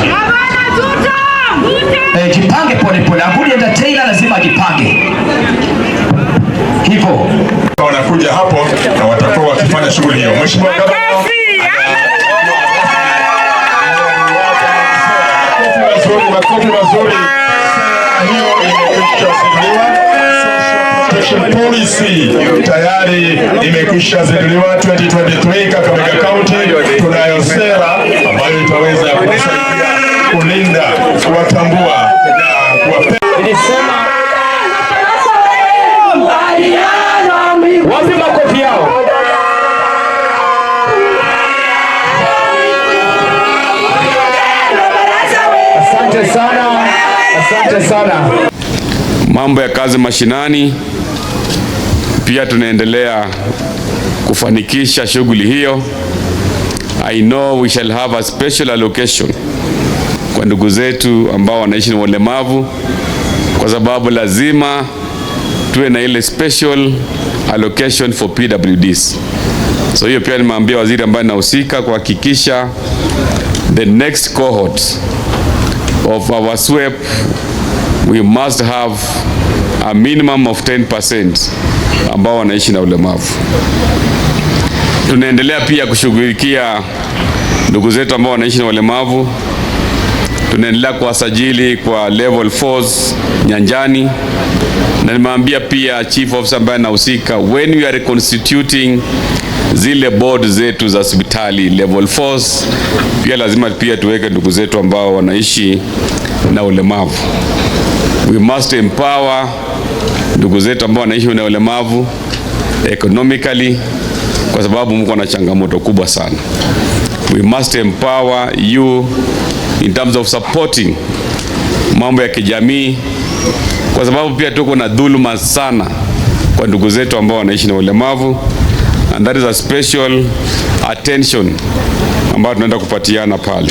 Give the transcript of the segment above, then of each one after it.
Eh, jipange polepole. Aguli entertainer lazima ajipange hivyo, wanakuja hapo na watakuwa wakifanya shughuli hiyo. Mheshimiwa makofi tayari imekwisha zinduliwa 2023 Kakamega County. Tunayo sera ambayo itaweza kusaidia kulinda, kuwatambua na sana. Mambo ya kazi mashinani pia tunaendelea kufanikisha shughuli hiyo. I know we shall have a special allocation kwa ndugu zetu ambao wanaishi na ulemavu, kwa sababu lazima tuwe na ile special allocation for PWDs. So hiyo pia nimeambia waziri ambaye nahusika kuhakikisha the next cohort of our SWEP we must have a minimum of 10% ambao wanaishi na ulemavu. Tunaendelea pia kushughulikia ndugu zetu ambao wanaishi na ulemavu tunaendelea kuwasajili kwa level 4 nyanjani, na nimeambia pia chief officer ambaye anahusika, when we are reconstituting zile board zetu za hospitali level 4, pia lazima pia tuweke ndugu zetu ambao wanaishi na ulemavu. We must empower ndugu zetu ambao wanaishi na ulemavu economically, kwa sababu mko na changamoto kubwa sana. We must empower you in terms of supporting mambo ya kijamii, kwa sababu pia tuko na dhuluma sana kwa ndugu zetu ambao wanaishi na ulemavu, and that is a special attention ambayo tunaenda kupatiana pale.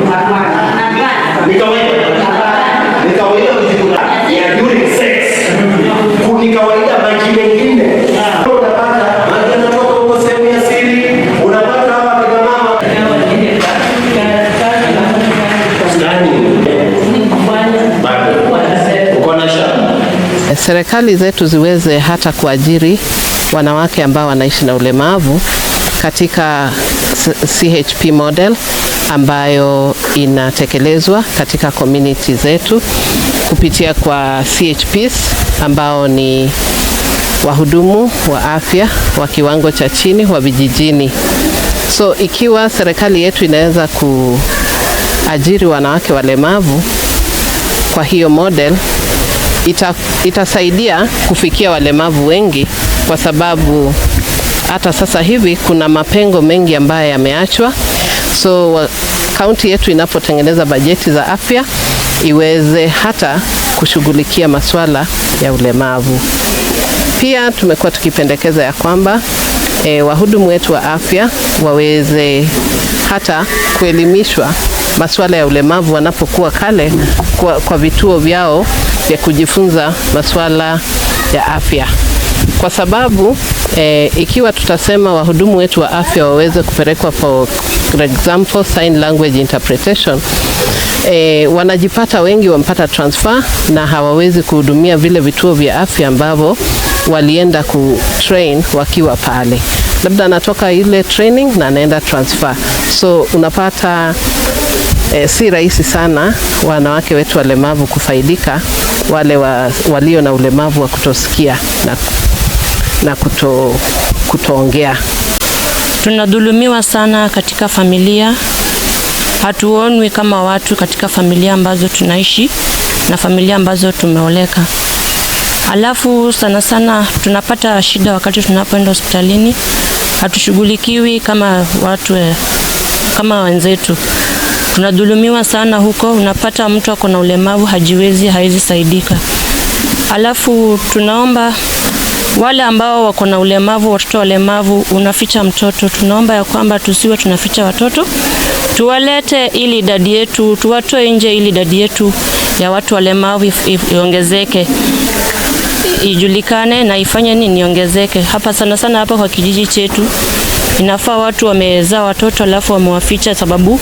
serikali zetu ziweze hata kuajiri wanawake ambao wanaishi na ulemavu katika CHP model ambayo inatekelezwa katika community zetu kupitia kwa CHPs ambao ni wahudumu wa afya wa kiwango cha chini wa vijijini. So ikiwa serikali yetu inaweza kuajiri wanawake walemavu kwa hiyo model ita, itasaidia kufikia walemavu wengi kwa sababu hata sasa hivi kuna mapengo mengi ambayo yameachwa. So kaunti yetu inapotengeneza bajeti za afya iweze hata kushughulikia masuala ya ulemavu. Pia tumekuwa tukipendekeza ya kwamba e, wahudumu wetu wa afya waweze hata kuelimishwa masuala ya ulemavu wanapokuwa kale kwa, kwa vituo vyao ya kujifunza masuala ya afya kwa sababu eh, ikiwa tutasema wahudumu wetu wa afya waweze kupelekwa for, example sign language interpretation eh, wanajipata wengi wampata transfer na hawawezi kuhudumia vile vituo vya afya ambavyo walienda kutrain wakiwa pale, labda anatoka ile training na anaenda transfer, so unapata eh, si rahisi sana wanawake wetu walemavu kufaidika wale wa, walio na ulemavu wa kutosikia na, na kuto, kutoongea. Tunadhulumiwa sana katika familia, hatuonwi kama watu katika familia ambazo tunaishi na familia ambazo tumeoleka. Alafu sana sana tunapata shida wakati tunapoenda hospitalini, hatushughulikiwi kama watu kama wenzetu tunadhulumiwa sana huko. Unapata mtu ako na ulemavu hajiwezi, hawezi saidika. Alafu tunaomba wale ambao wako na ulemavu, watoto walemavu, unaficha mtoto, tunaomba ya kwamba tusiwe tunaficha watoto, tuwalete ili idadi yetu, tuwatoe nje ili idadi yetu ya watu walemavu iongezeke, ijulikane na ifanye nini, iongezeke hapa sana sana, hapa kwa kijiji chetu inafaa watu wamezaa watoto alafu wamewaficha sababu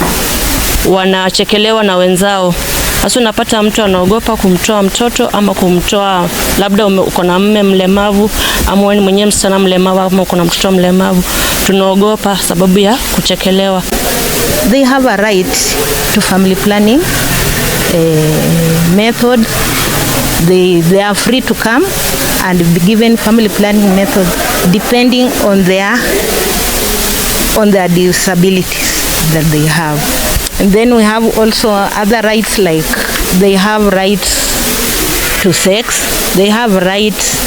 wanachekelewa na wenzao. Hasa unapata mtu anaogopa kumtoa mtoto ama kumtoa, labda uko na mme mlemavu ama wewe mwenyewe msichana mlemavu ama uko na mtoto mlemavu, tunaogopa sababu ya kuchekelewa. They have a right to family planning eh, method they, they are free to come and be given family planning method depending on their on their disabilities that they have then we have also other rights like they have rights to sex, they have rights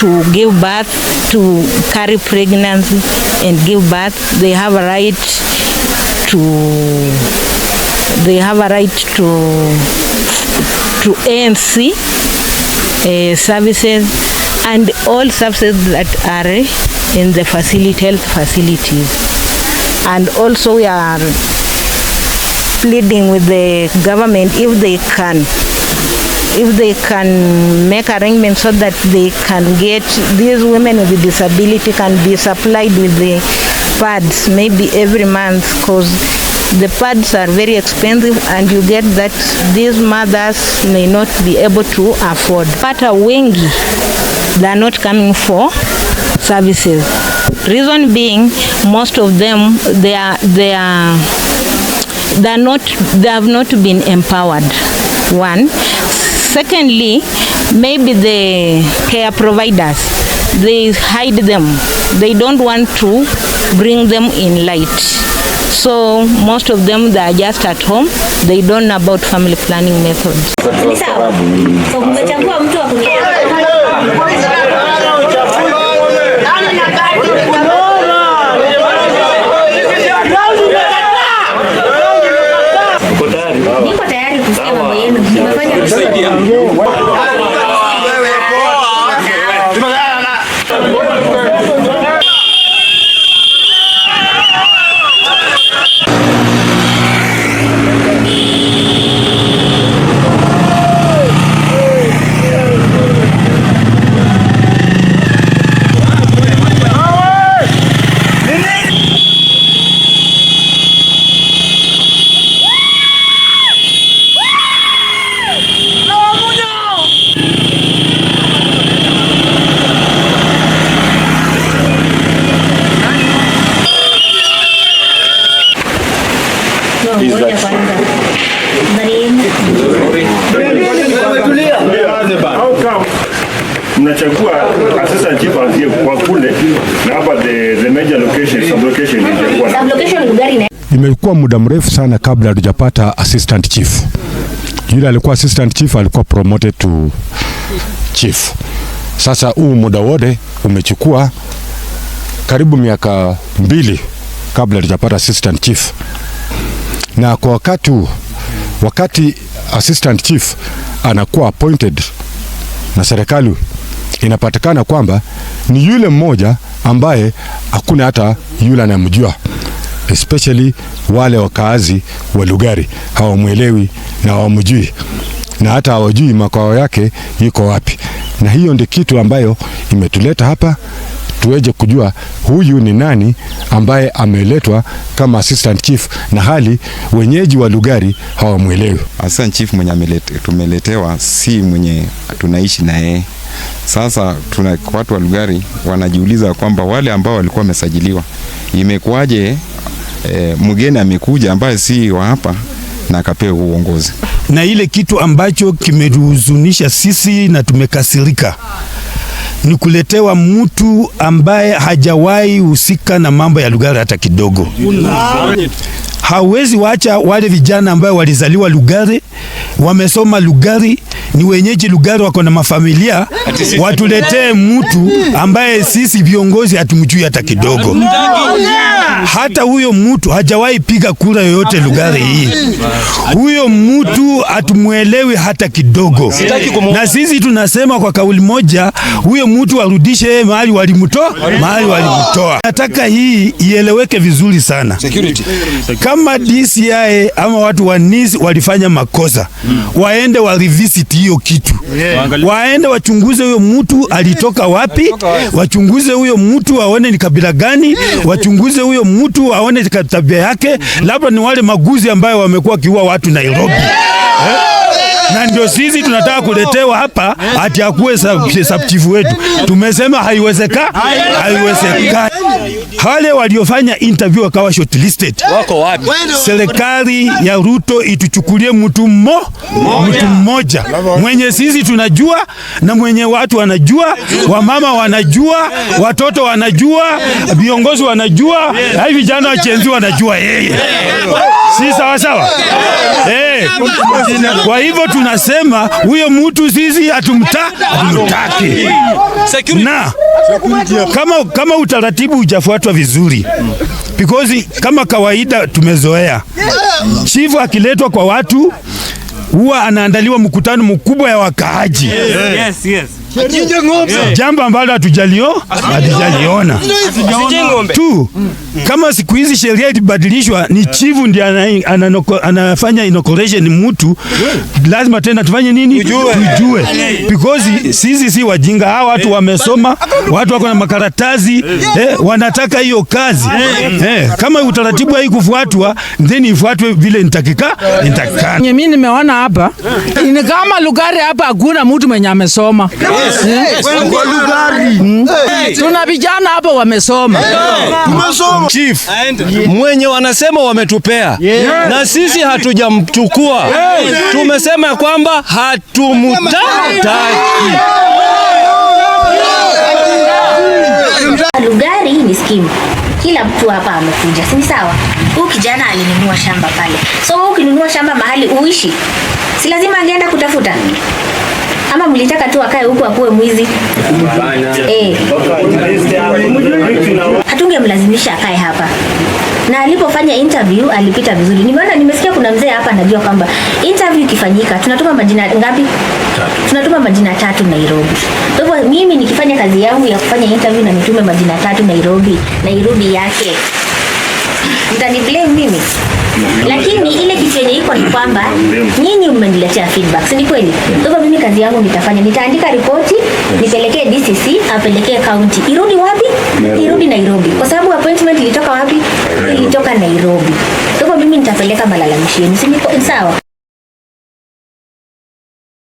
to give birth, to carry pregnancy and give birth. They have a right to they have a right to to ANC uh, services and all services that are in the facility health facilities. And also we are pleading with the government if they can if they can make arrangements so that they can get these women with disability can be supplied with the pads maybe every month because the pads are very expensive and you get that these mothers may not be able to afford. a wengi, they are not coming for services. Reason being, most of them, they are, they are are not, they have not been empowered, one. Secondly, maybe the care providers, they hide them. They don't want to bring them in light. So most of them, they are just at home. They don't know about family planning methods. Imekuwa muda mrefu sana kabla hatujapata assistant chief. Yule alikuwa assistant chief alikuwa promoted to chief. Sasa huu muda wote umechukua karibu miaka mbili kabla hatujapata assistant chief, na kwa wakati huu, wakati assistant chief anakuwa appointed na serikali inapatikana kwamba ni yule mmoja ambaye hakuna hata yule anamjua, especially wale wakaazi wa Lugari hawamwelewi na hawamjui na hata hawajui makao yake iko wapi, na hiyo ndi kitu ambayo imetuleta hapa tuweje kujua huyu ni nani ambaye ameletwa kama assistant chief na hali wenyeji wa Lugari hawamwelewi. Assistant chief mwenye tumeletewa si mwenye tunaishi na yeye. Sasa tuna watu wa Lugari wanajiuliza kwamba wale ambao walikuwa wamesajiliwa, imekuwaje e, mgeni amekuja ambaye si wa hapa na akapewa uongozi? Na ile kitu ambacho kimetuhuzunisha sisi na tumekasirika ni kuletewa mtu ambaye hajawahi husika na mambo ya Lugari hata kidogo. Hawezi waacha wale vijana ambao walizaliwa Lugari, wamesoma Lugari ni wenyeji lugari wako na mafamilia, watuletee mtu ambaye sisi viongozi hatumjui hata kidogo. Hata huyo mtu hajawahi piga kura yoyote lugari hii, huyo mtu hatumwelewi hata kidogo, na sisi tunasema kwa kauli moja, huyo mtu yeye mahali walimtoa, mahali walimtoa. Nataka hii ieleweke vizuri sana. Kama DCI ama watu wa NIS walifanya makosa, waende warivisiti hiyo kitu yeah. Waende wachunguze huyo mtu alitoka wapi, wachunguze huyo mtu waone ni kabila gani, wachunguze huyo mtu waone tabia yake, mm-hmm. labda ni wale maguzi ambayo wamekuwa kiua watu Nairobi, yeah. Yeah na ndio sisi tunataka kuletewa hapa ati akuwe sabchifu wetu. Tumesema haiwezeka haiwezekani. Wale waliofanya interview wakawa shortlisted wako wapi? Serikali ya Ruto ituchukulie mtu mmo mtu mmoja mwenye sisi tunajua na mwenye watu wanajua, wamama wanajua, watoto wanajua, viongozi wanajua, hai vijana wachenzi wanajua yeye, si sawa sawa eh? Kwa hivyo tunasema huyo mtu sisi hatumtaki, na kama, kama utaratibu hujafuatwa vizuri because kama kawaida tumezoea chifu akiletwa kwa watu huwa anaandaliwa mkutano mkubwa ya wakaaji yes, yes, yes. Achinje ng'ombe. Eh. Jambo ambalo hatujalio hatujaliona tu kama siku hizi sheria itibadilishwa, ni eh. chivu ndiye anafanya inoculation mtu, eh. lazima tena tufanye nini? Tujue, because sisi si wajinga. Hawa watu wamesoma, watu wako na makaratasi eh, wanataka hiyo kazi eh. Kama utaratibu kufuatwa then ifuatwe vile nitakika nitakana. Mimi nimeona hapa ni kama Lugari hapa hakuna mtu mwenye amesoma tuna vijana hapa wamesoma, chief mwenye wanasema wametupea, na sisi hatujamchukua. Tumesema kwamba hatumutaki. Lugari ni skimu kila mtu hapa amekuja, si sawa? Huyu kijana alinunua shamba pale, so ukinunua shamba mahali uishi, si lazima angeenda kutafuta ama mlitaka tu akae huku akuwe mwizi? Eh, hatungemlazimisha akae hapa na alipofanya interview alipita vizuri. Nimeona nimesikia kuna mzee hapa anajua kwamba interview ikifanyika tunatuma majina ngapi? Tunatuma majina tatu Nairobi. Kwa hivyo mimi nikifanya kazi yangu ya kufanya interview na nitume majina tatu Nairobi, Nairobi yake. blame mimi? Lakini ile kitu yenye iko ni kwamba nyinyi mmeniletea feedback, ni kweli? Kwa mimi kazi yangu nitafanya, nitaandika ripoti nipelekee DCC, apelekee county. Irudi wapi? Irudi Nairobi, kwa sababu appointment ilitoka wapi? Ilitoka Nairobi. Kwa mimi nitapeleka malalamishi yenu, sawa?